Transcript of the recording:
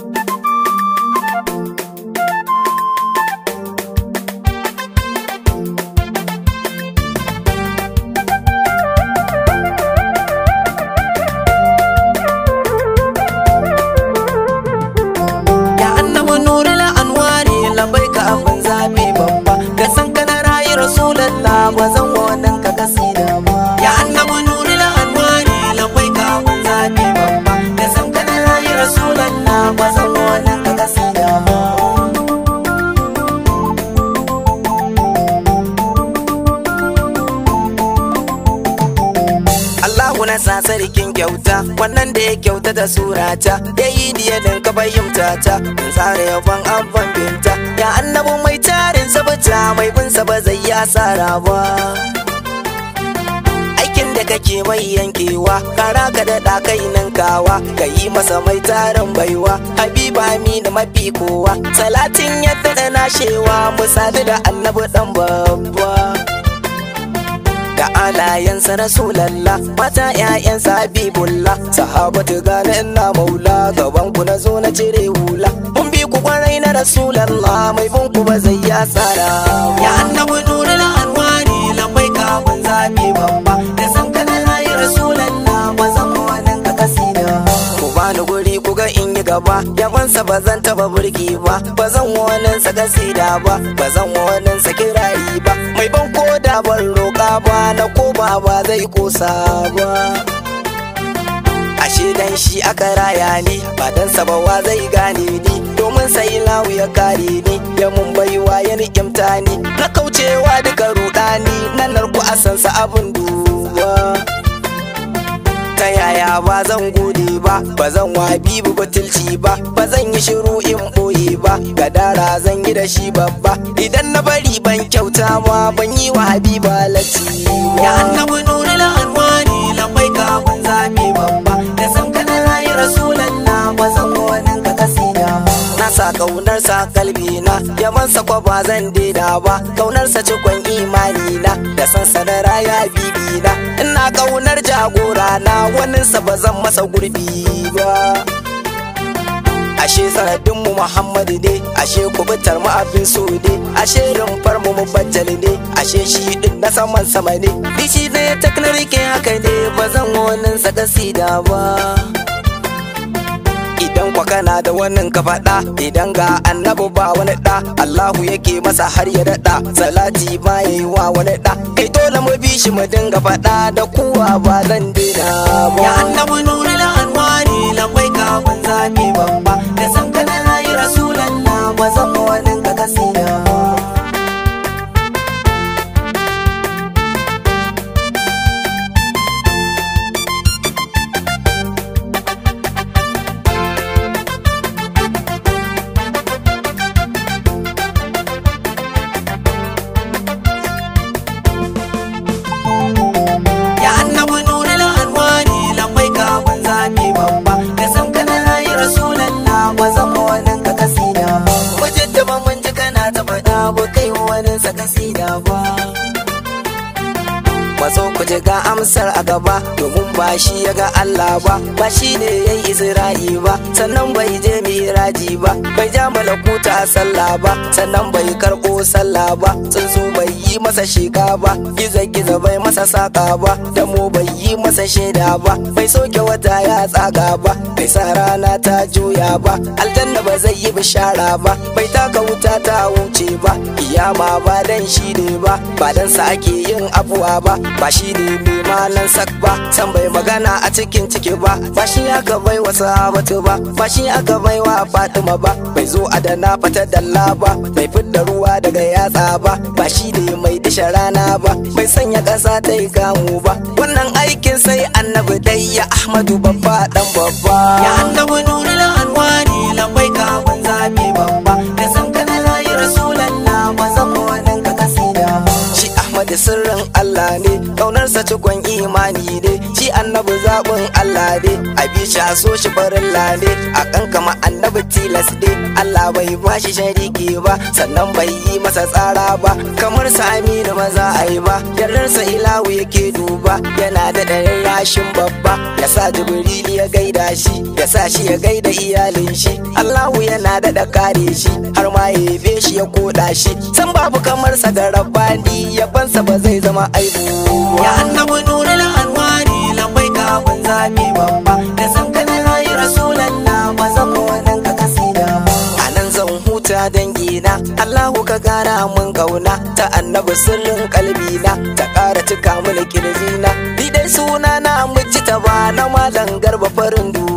Thank you. na sa sarkin kyauta wannan da ya kyauta da surata ya yi diya don ka fahimta ta in tsara yaban abban binta ya annabu mai tarin sabuta mai bin sa ba zai ya tsara ba aikin da kake mai yankewa kara ka daɗa kai ninkawa ka yi masa mai tarin baiwa habiba aminu mafi kowa salatin yadda da nashewa mu da annabu dan babba da yansa rasulallah mata ƴaƴansa habibullah sahabatu gane ina maula gaban ku na zo na cire hula mun bi ku kwarai na rasulallah mai bin ku ba zai ya tsara ya annabi na alwani lambai ka mun zabi babba da san kana layi rasulallah ba zan wannan ka kasida. ku bani guri ku ga in yi gaba yawansa ba zan taba burki ba ba zan wannan sa kasida ba ba zan wannan sa kirari ba mai ban Allah ban roƙa ba na koma ba zai ƙosa ba ashe dan shi aka raya ni ba dan sabawa zai gane ni domin sai lawu ya kare ni ya mun baiwa ya ni'imta ni na kaucewa duka ruɗani nan narku a sansa abin duba ba zan gode ba ba zan wabi bu batulci ba ba zan yi shiru in boye ba ga dara zan yi da shi babba idan na bari ban kyauta ma ban yi wa habiba latti kalbi na ya man kwa ba zan dida ba kaunarsa cikon imani na da sansanin raya bibi na ina kaunar jagora na waninsa ba zan masa gurbi ba ashe sanadin mu muhammadu ne ashe kubutar mu abin so ne ashe rumfar mu mubajjal ne ashe shi din na saman sama ne dishi ne taknar haka ne ba zan sa kasida ba na da wannan ka faɗa idan ga annabi ba wani ɗa Allahu yake masa har ya daɗa salati ma yayi wa wani ɗa kai dole mu bi shi mu dinga faɗa da kuwa ba zan dina ba ya annabi nuna da anwari lambai ka ban zami ban ba da san kana yi rasulallah ba zan wani así so ku ji ga amsar a gaba domin ba shi ya ga Allah ba ba shi ne yayi Isra'i ba sannan bai je miraji ba bai ja malakuta sallah ba sannan bai karɓo sallah ba tsuntsu bai yi masa shiga ba gizo gizo bai masa saka ba mu bai yi masa shaida ba bai soke wata ya tsaga ba bai sa rana ta juya ba aljanna ba zai yi bishara ba bai taka wuta ta wuce ba iyama ba dan shi ne ba ba dan sa ake yin abuwa ba ba shi ne mai malan sak ba san bai magana a cikin ciki ba ba shi aka bai wa Sabatu ba ba shi aka bai wa fatima ba bai zo a da na fata dalla ba bai fidda ruwa daga yatsa ba ba shi ne mai dishe rana ba bai sanya ƙasa ta yi gamu ba wannan aikin sai annabi dai ya ahmadu babba dan babba ya annabi nurul anwari lambai kamun zami babba da san kana layi rasulallah Allah ne ƙaunarsa cikon imani ne shi annabi zaɓin Allah ne a bi shi a so shi barin lale a kan kama annabi tilas ne Allah bai ba shi shariki ba sannan bai yi masa tsara ba kamar sa aminu maza a yi ba sa ilawu yake duba yana da ɗarin rashin babba ya sa jibril ya gaida shi ya sa shi ya gaida iyalin shi Allahu yana da kare shi har ma ya yabe shi ya koda shi san babu kamar sa da ya yabansa ba zai zama ai ya annabi nurul na lambai ka ban zame babba da san kana rayi rasulallah maza ko nan ka kasida anan zan huta dangi na Allahu ka gara mun kauna ta annabi sirrin kalbi na ta kara cika mun ƙirji na ni dai suna na mujita ba na malan garba farin duniya